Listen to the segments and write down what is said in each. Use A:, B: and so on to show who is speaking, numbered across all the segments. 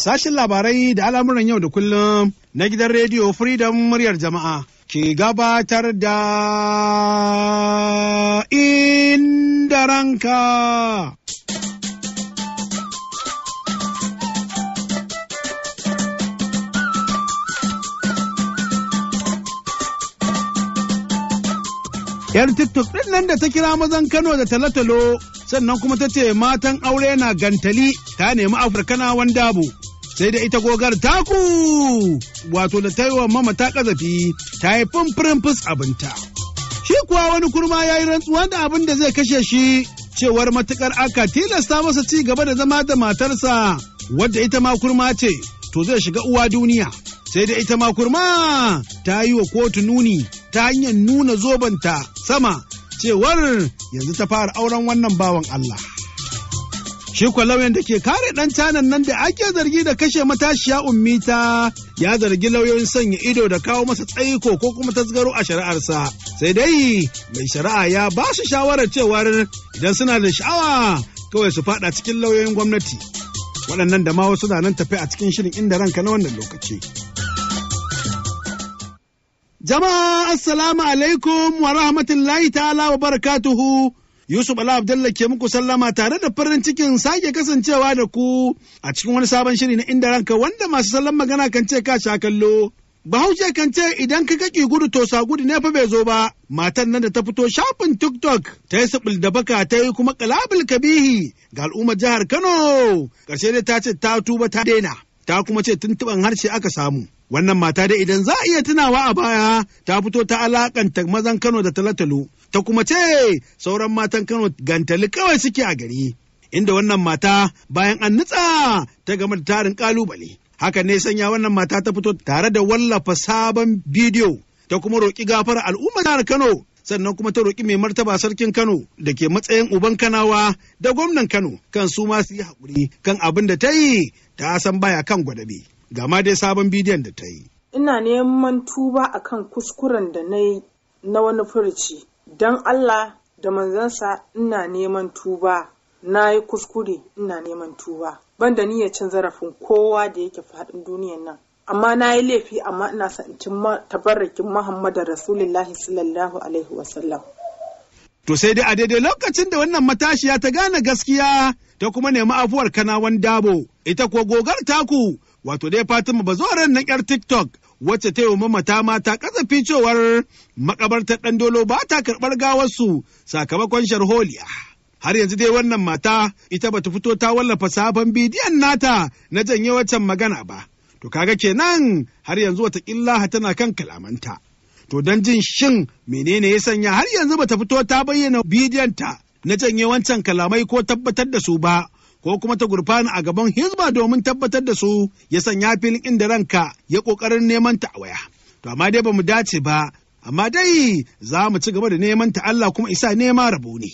A: Sashin labarai da al'amuran yau da kullum na gidan rediyo Freedom muryar jama'a ke gabatar da inda Yar TikTok ɗin nan da ta kira mazan Kano da talotalo sannan kuma ta ce matan aure na gantali ta nemi Afirkana wanda abu. sai da ita gogar taku wato da ta yi wa mama ta kazafi ta yi fumfurin fus abinta. Shi kuwa wani kurma ya yi rantsuwa da abin da zai kashe shi cewar matukar aka tilasta masa ci gaba da zama da matarsa wadda ita ma kurma ce to zai shiga uwa duniya. Sai da ita ma kurma ta yi wa kotu nuni ta hanyar nuna zobanta sama cewar yanzu ta fara auren wannan bawan Allah. Shi lauyan da ke kare ɗan canan nan da ake zargi da kashe matashiya ummita ya zargi lauyoyin sanya ido da kawo masa tsaiko ko kuma tasgaro a shari'arsa. Sai dai mai shari'a ya ba su shawarar cewa idan suna da sha'awa kawai su faɗa cikin lauyoyin gwamnati. Waɗannan da ma wasu na nan tafi a cikin shirin inda ranka na wannan lokaci. Jama'a Assalamu alaikum wa rahmatullahi ta'ala wa barakatuhu. Yusuf Ala Abdalla ke muku sallama tare da farin cikin sake kasancewa da ku a cikin wani sabon shiri na inda ranka wanda masu sallan magana kan ce ka sha kallo. Bahaushe kan ce idan ka kaki gudu to sa gudu ne fa bai zo ba. Matan nan da ta fito shafin TikTok ta yi sibil da baka ta yi kuma kalabil kabihi ga al'ummar jihar Kano. Karshe dai ta ce ta tuba ta daina. Ta kuma ce tuntuɓan harshe aka samu. Wannan mata dai idan za a iya tunawa a baya ta fito ta alakanta mazan Kano da talatalo ta kuma ce sauran matan Kano gantali kawai suke a gari. Inda wannan mata bayan an nutsa ta gama da tarin kalubale. Haka ne sanya wannan mata ta fito tare da wallafa sabon bidiyo ta kuma roƙi gafar al'ummar jihar Kano sannan kuma ta roƙi mai martaba sarkin Kano da ke matsayin uban Kanawa da gwamnan Kano kan su ma su yi haƙuri kan abin da ta yi ta san baya kan gwadabe. Gama dai sabon bidiyon da ta yi. Ina neman tuba akan kuskuren da na yi na wani furuci don Allah da manzansa ina neman tuba na yi kuskure ina neman tuba ban da niyyar cin zarafin kowa da yake faɗin duniyan nan amma na yi laifi amma ina sa in cin tabarrakin Muhammadu
B: Rasulullahi sallallahu alaihi wasallam
A: To sai dai a daidai lokacin da wannan matashiya ta gane gaskiya ta kuma nemi afuwar kanawan dabo, ita kuwa gogar taku, wato dai Fatima bazoran na 'yar TikTok wacce ta yi mamata mata kasafi cewar makabartar ɗan dolo ba ta karɓar gawarsu sakamakon sharholiya. Har yanzu dai wannan mata ita bata fito ta wallafa sabon bidiyon nata na janye waccan magana ba. To kaga kenan har yanzu wataƙilla tana kan kalamanta. To don jin shin menene ya sanya har yanzu bata fito ta bayyana bidiyonta na janye wancan kalamai ko tabbatar da su ba ko kuma ta gurfana a gaban hizba domin tabbatar da su ya sanya filin inda ranka ya kokarin neman ta a waya. To amma dai ba mu dace ba, amma dai za mu ci gaba da neman ta Allah kuma isa nema rabo ne.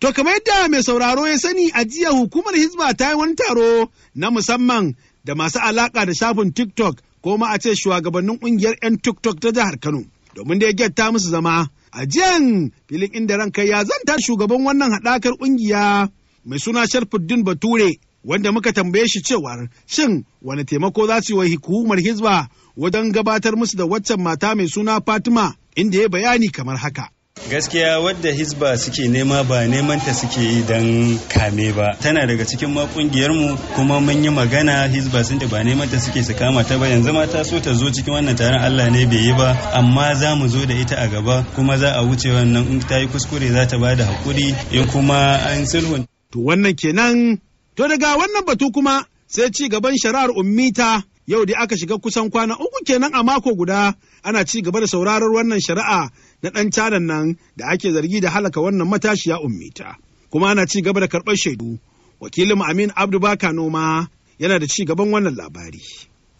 A: To kamar yadda mai sauraro ya sani a jiya hukumar hizba ta yi wani taro na musamman da masu alaƙa da shafin TikTok ko ma a ce shugabannin ƙungiyar 'yan TikTok ta jihar Kano. Domin da ya ta musu zama, a jiyan filin inda ranka ya zanta shugaban wannan haɗakar ƙungiya mai suna Sharfuddin Bature wanda muka tambaye shi cewar shin wani taimako za su yi wa hukumar Hizba wajen gabatar musu da waccan mata mai suna Fatima inda ya bayani kamar haka.
B: gaskiya wadda hisba suke nema ba neman ta suke yi don kame ba tana daga cikin ma mu kuma mun yi magana hizba sun ba neman ta suke su kama ta ba yanzu ma ta so ta zo cikin wannan taron Allah ne bai yi ba amma za mu zo da ita a gaba kuma za a wuce wannan in ta yi kuskure za ta ba da hakuri in kuma
A: an sulhun To wannan kenan, to daga wannan batu kuma sai ci gaban shari'ar ummita yau dai aka shiga kusan kwana uku kenan a mako guda ana ci gaba da sauraron wannan shari'a na ɗan canan nan da ake zargi da halaka wannan matashiya ummita. Kuma ana ci gaba da karɓar shaidu. Wakilin Amin Abdu Baka Noma yana da ci gaban wannan
B: labari.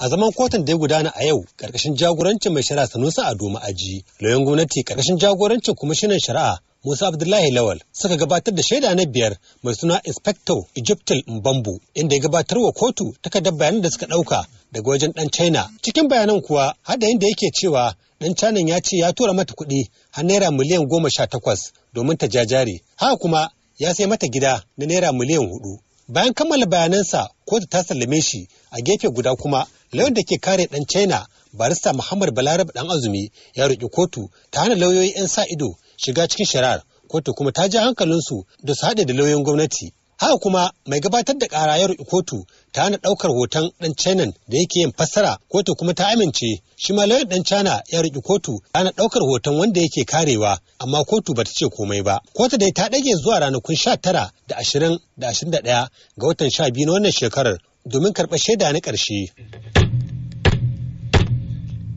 B: a zaman kotun da ya gudana a yau karkashin jagorancin mai shari'a sanusi ado ma'aji lauyan gwamnati karkashin jagorancin kwamishinan shari'a musa abdullahi lawal suka gabatar da shaida na biyar mai suna inspector egyptal mbambu inda ya gabatar wa kotu takardar bayanan da suka ɗauka daga wajen ɗan china cikin bayanan kuwa hada da yake cewa ɗan china ya ce ya tura mata kuɗi har naira miliyan goma sha takwas domin ta jajare haka kuma ya sai mata gida na naira miliyan hudu bayan kammala bayanansa kotu ta sallame shi a gefe guda kuma lauyan da ke kare ɗan china barista muhammad balarab ɗan azumi ya roƙi kotu ta hana lauyoyi 'yan sa ido shiga cikin shirar kotu kuma ta ji hankalinsu da su haɗe da lauyoyin gwamnati haka kuma mai gabatar da ƙara ya roƙi kotu ta hana ɗaukar hoton ɗan china da yake yin fassara kotu kuma ta amince shi ma lauyan ɗan china ya roƙi kotu ta hana ɗaukar hoton wanda yake karewa amma kotu bata ce komai ba kotu dai ta ɗage zuwa ranakun sha tara da ashirin da ashirin da ɗaya ga watan sha biyu na wannan shekarar domin karɓar shaida na ƙarshe.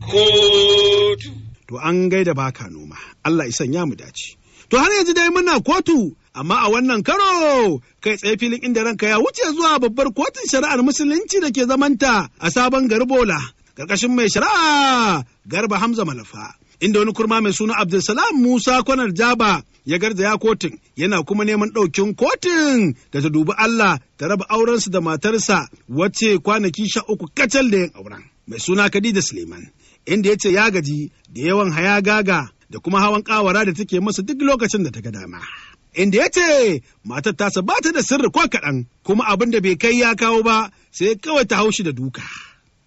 A: kotu. To an gaida baka noma, Allah isan ya mu dace. To har yanzu dai muna kotu, amma a wannan karo kai tsaye filin inda ranka ya wuce zuwa babbar kotun shari'ar musulunci da ke zamanta a sabon garbola, karkashin mai shari'a garba Hamza Malafa. Inda wani kurma mai suna Abdulsalam Musa Kwanar Jaba ya garza ya kotun yana kuma neman ɗaukin kotun da ta dubi Allah ta raba aurensu da matarsa wacce kwanaki sha uku kacal da yin auren. Mai suna Khadija Suleiman. inda ya ce ya gaji da yawan hayagaga da kuma hawan kawara da take masa duk lokacin da ta ga dama. Inda ya ce matar tasa ba ta da sirri ko kaɗan kuma abin da bai kai ya kawo ba sai kawai ta haushi da duka.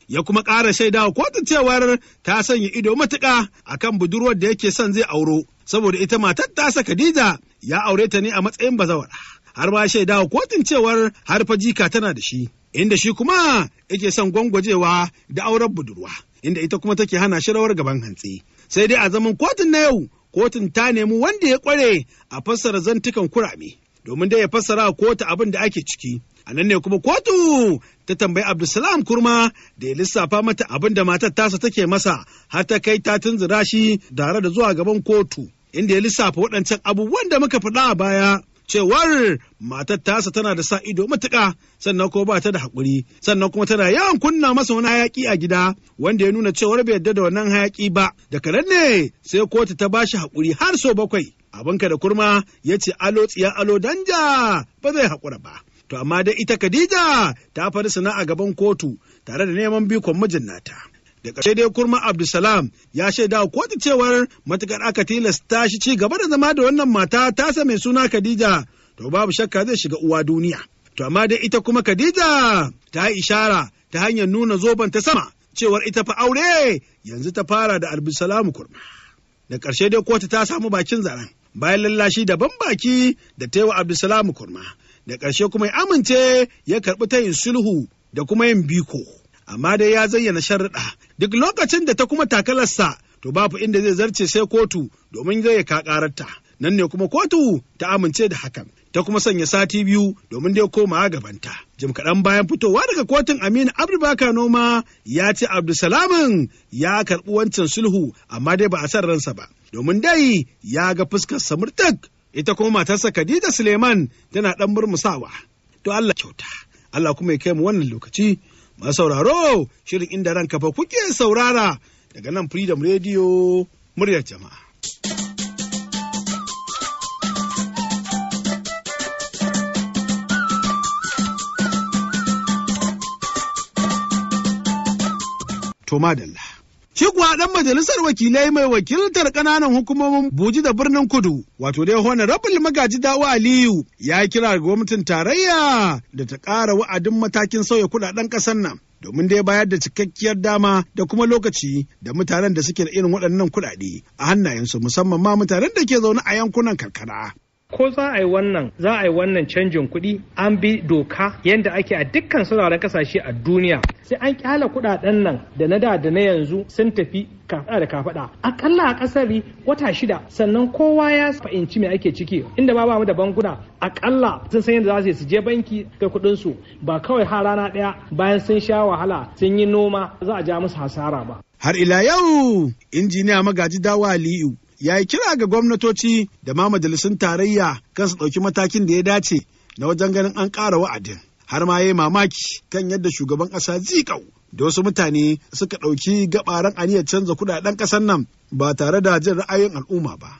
A: Ya kuma ƙara shaida wa kotun cewar ta sanya ido matuƙa kan budurwar da yake son zai auro saboda ita matar tasa Khadija ya aure ta ne a matsayin bazawara. Har ba shaida wa kotun cewar har fa jika tana da shi. Inda shi kuma yake son gwangwajewa da auren budurwa. inda ita kuma take hana shi rawar gaban hantsi. Sai dai a zaman kotun na yau, kotun ta nemi wanda ya kware a fassara zantukan kurame, domin dai ya fassara kotu abin da ake ciki. A nan ne kuma kotu ta tambayi Abdulsalam kurma da ya lissafa mata abin da matar tasa take masa har ta kai ta tunzura shi tare da zuwa gaban kotu. Inda ya lissafa waɗancan abubuwan da muka faɗa a baya cewar matar tasa tana da sa ido matuƙa sannan kuma ba ta da haƙuri sannan kuma tana yawan kunna masa wani hayaƙi a gida wanda ya nuna cewar bai yarda da wannan hayaƙi ba da karen ne sai kotu ta ba shi haƙuri har sau bakwai abinka da kurma ya ce alo tsiya alo danja ba zai haƙura ba to amma dai ita Khadija ta fari sana'a gaban kotu tare da neman bikon mijin nata. da ƙarshe dai kurma abdulsalam ya shaida kotu cewar matukar aka tilasta shi ci gaba da zama da wannan mata tasa mai suna khadija to babu shakka zai shiga uwa duniya to amma dai ita kuma khadija ta yi ishara ta hanyar nuna zoben ta sama cewar ita fa aure yanzu ta fara da abdulsalam kurma da ƙarshe dai kotu ta samu bakin zaren bayan lallashi da ban baki da ta yi wa abdulsalam kurma da ƙarshe kuma ya amince ya karɓi ta yin sulhu da kuma yin biko. amma dai ya zayyana sharuɗa duk lokacin da ta kuma takalarsa to babu inda zai zarce sai kotu domin zai ka kakararta nan ne kuma kotu ta amince da hakan ta kuma sanya sati biyu domin dai koma gabanta jim kaɗan bayan fitowa daga kotun aminu abdubaka noma ya ce abdulsalamin ya karɓi wancan sulhu amma dai ba a san ransa ba domin dai ya ga fuskar samurtak ita kuma matarsa khadija suleiman tana ɗan murmusawa to allah kyauta allah kuma ya kai mu wannan lokaci Masauraro shirin inda ranka fa kuke saurara daga nan Freedom Radio muryar jama'a. To madalla. Shi kuwa ɗan majalisar wakilai mai wakiltar ƙananan hukumomin Buji da birnin Kudu, wato dai Honorable Magaji Dawo Aliyu ya kira ga gwamnatin tarayya da ta ƙara wa'adin matakin sauya kuɗaɗen ƙasar nan. domin dai bayar da cikakkiyar dama da kuma lokaci da mutanen da suke da irin waɗannan kuɗaɗe a hannayensu musamman ma mutanen da ke zaune a yankunan karkara. ko za a yi wannan za a yi wannan canjin kuɗi an bi doka yadda ake a dukkan sauraron kasashe a duniya sai an kyala kuɗaɗen nan da na da da na yanzu sun tafi kafaɗa da kafaɗa akalla a kasari wata shida sannan kowa ya fahimci mai ake ciki inda ba bamu da bankuna akalla sun san yadda za su je banki ga kuɗin su ba kawai har rana ɗaya bayan sun sha wahala sun yi noma za a ja musu hasara ba har ila yau injiniya magaji dawa aliyu ya yi kira ga gwamnatoci da ma majalisun tarayya kan su ɗauki matakin da ya dace na wajen ganin an ƙara wa'adin. Har ma ya yi mamaki kan yadda shugaban ƙasa zikau da wasu mutane suka ɗauki gabaran aniyar canza kuɗaɗen ƙasar nan ba tare da jin ra'ayin al'umma ba.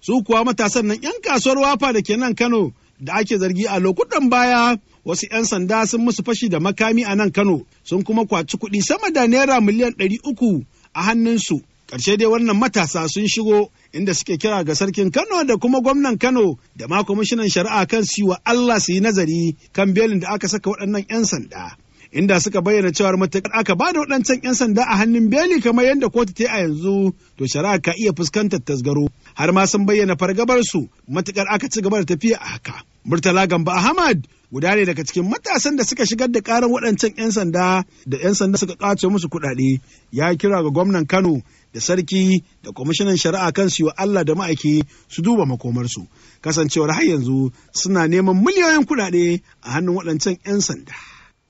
A: Su kuwa matasan nan 'yan kasuwar wafa da ke nan Kano da ake zargi a lokutan baya wasu 'yan sanda sun musu fashi da makami a nan Kano sun kuma kwaci kuɗi sama da naira miliyan ɗari uku a hannunsu Karshe dai wannan matasa sun shigo inda suke kira ga sarkin Kano da kuma gwamnan Kano da ma kwamishinan shari'a kan su wa Allah su yi nazari kan belin da aka saka waɗannan 'yan sanda. Inda suka bayyana cewa matukar aka ba da waɗancan 'yan sanda a hannun beli kamar yadda kotu ta yi a yanzu to shari'a ka iya fuskantar tasgaro har ma sun bayyana fargabarsu matukar aka ci gaba da tafiya a haka. Murtala Gamba Ahmad guda ne daga cikin matasan da suka shigar da karan waɗancan 'yan sanda da 'yan sanda suka ƙwace musu kuɗaɗe ya kira ga gwamnan kano da sarki da kwamishinan shari'a kan su Allah da ma'aiki su duba makomarsu kasancewar har yanzu suna neman miliyoyin kuɗaɗe a hannun waɗancan 'yan sanda.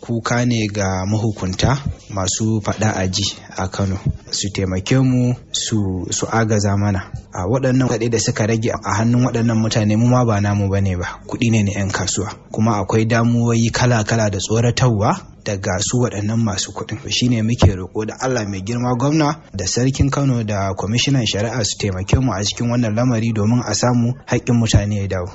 A: kuka ne ga mahukunta masu faɗa aji a kano su taimake mu su agaza mana a waɗannan kaɗe da suka rage a hannun waɗannan mutane mu ma ba namu ba ne ba kuɗi ne na 'yan kasuwa kuma akwai damuwoyi kala-kala da tsoratarwa daga su waɗannan masu kuɗin shine muke roƙo da Allah mai girma gwamna da sarkin Kano da kwamishinan shari'a su taimake mu a cikin wannan lamari domin a samu haƙƙin mutane ya dawo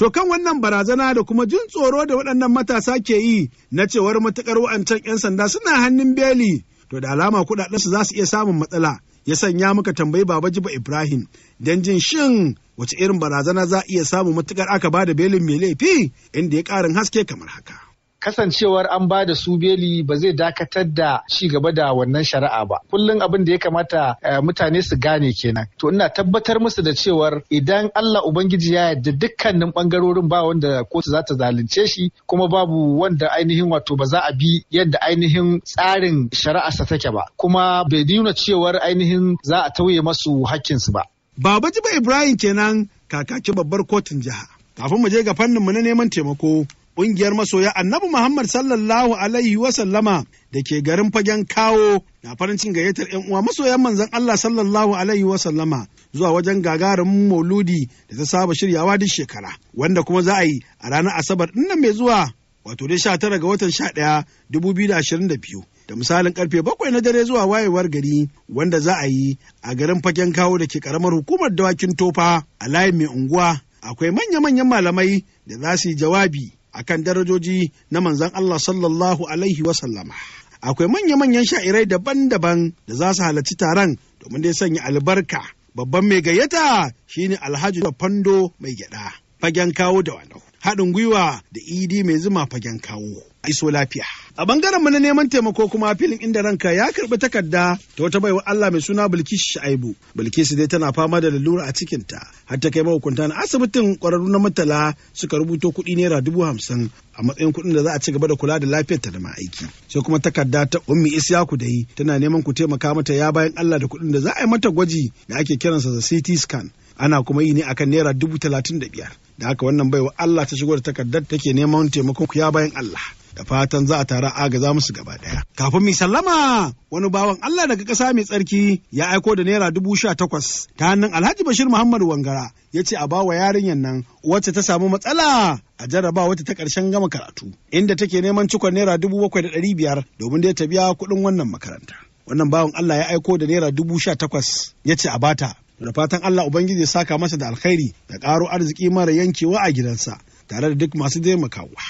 A: To kan wannan barazana da kuma jin tsoro da waɗannan matasa ke yi na cewar matuƙar wa'ancan 'yan sanda suna hannun beli to da alama kuɗaɗensu za su iya samun matsala ya sanya muka tambayi baba jiba ibrahim don jin shin wace irin barazana za a iya samun matuƙar aka ba da belin mai laifi inda ya ƙarin haske kamar haka. kasancewar an ba da su beli ba zai dakatar da ci gaba da wannan shari'a ba kullum abin da ya kamata eh, mutane su gane kenan to ina tabbatar musu da cewar idan Allah ubangiji ya yarda dukkanin bangarorin ba wanda kotu za ta zalunce shi kuma babu wanda ainihin wato ba za a bi yadda ainihin tsarin shari'arsa take ba kuma bai nuna cewar ainihin za a tauye masu hakkinsu ba Baba Jiba Ibrahim kenan kakakin babbar kotun jiha. Kafin mu je ga fannin mu na neman taimako, Ƙungiyar masoya annabi Muhammad sallallahu Alaihi wasallama da ke garin fagen kawo na farin gayyatar 'yan uwa masoyan manzon Allah sallallahu Alaihi wasallama zuwa wajen gagarin mauludi da ta saba shiryawa duk shekara wanda kuma za a yi a ranar Asabar ɗin mai zuwa wato dai 19 ga watan 11 2022 da misalin karfe bakwai na dare zuwa wayewar gari wanda za a yi a garin fagen kawo da ke karamar hukumar dawakin tofa a layin mai unguwa akwai manya-manyan malamai da za su yi jawabi akan darajoji na manzan Allah sallallahu alaihi wasallama. Akwai manya-manyan sha'irai daban-daban da za su halarci taron domin dai sanya albarka. Babban mai gayyata shine Alhaji Fando mai gyada. Fagen kawo da wani. Haɗin gwiwa da idi mai zuma fagen kawo. iso lafiya. A bangaren mu na neman taimako kuma filin inda ranka ya karbi takarda ta wata baiwa Allah mai suna Bilkisu Shaibu. Bilkisu dai tana fama da lalura a cikinta har ta kai mahukunta na asibitin kwararru na matala suka rubuto kuɗi naira dubu hamsin a matsayin kuɗin da za a ci gaba da kula da lafiyarta da aiki. Sai kuma takarda ta Ummi Isyaku dai tana neman ku taimaka mata ya bayan Allah da kuɗin da za a yi mata gwaji da ake kiransa da CT scan. ana kuma yi ne akan naira dubu talatin da biyar da haka wannan baiwa Allah ta shigo da takardar take neman taimakon ku ya bayan Allah da fatan za a tara agaza musu gaba ɗaya. Kafin mai sallama wani bawan Allah daga ƙasa mai tsarki ya aiko da naira dubu sha takwas ta hannun Alhaji Bashir Muhammadu Wangara ya ce a bawa yarinyar nan wacce ta samu matsala a jarraba wata ta ƙarshen gama karatu inda take neman cikon naira dubu bakwai da ɗari biyar domin da ta biya kuɗin wannan makaranta. Wannan bawan Allah ya aiko da naira dubu sha takwas ya ce a bata da fatan Allah Ubangiji ya saka masa da alkhairi da ƙaro arziki mara yankewa a gidansa tare da duk masu taimakawa.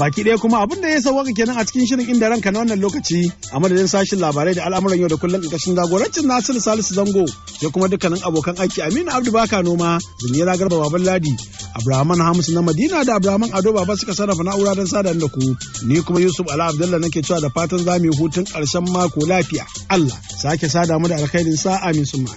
A: baki ɗaya kuma abin da ya sauwaka kenan a cikin shirin inda ranka na wannan lokaci a madadin sashin labarai da al'amuran yau da kullum ƙarƙashin jagorancin nasiru salisu zango da kuma dukkanin abokan aiki aminu abdu baka noma zinira garba baban ladi abrahaman hamisu na madina da abrahaman ado baba suka sarrafa na'ura don sada da ku ni kuma yusuf ala abdullah nake cewa da fatan za mu yi hutun ƙarshen mako lafiya allah sake sada mu da alkhairin sa'a min sun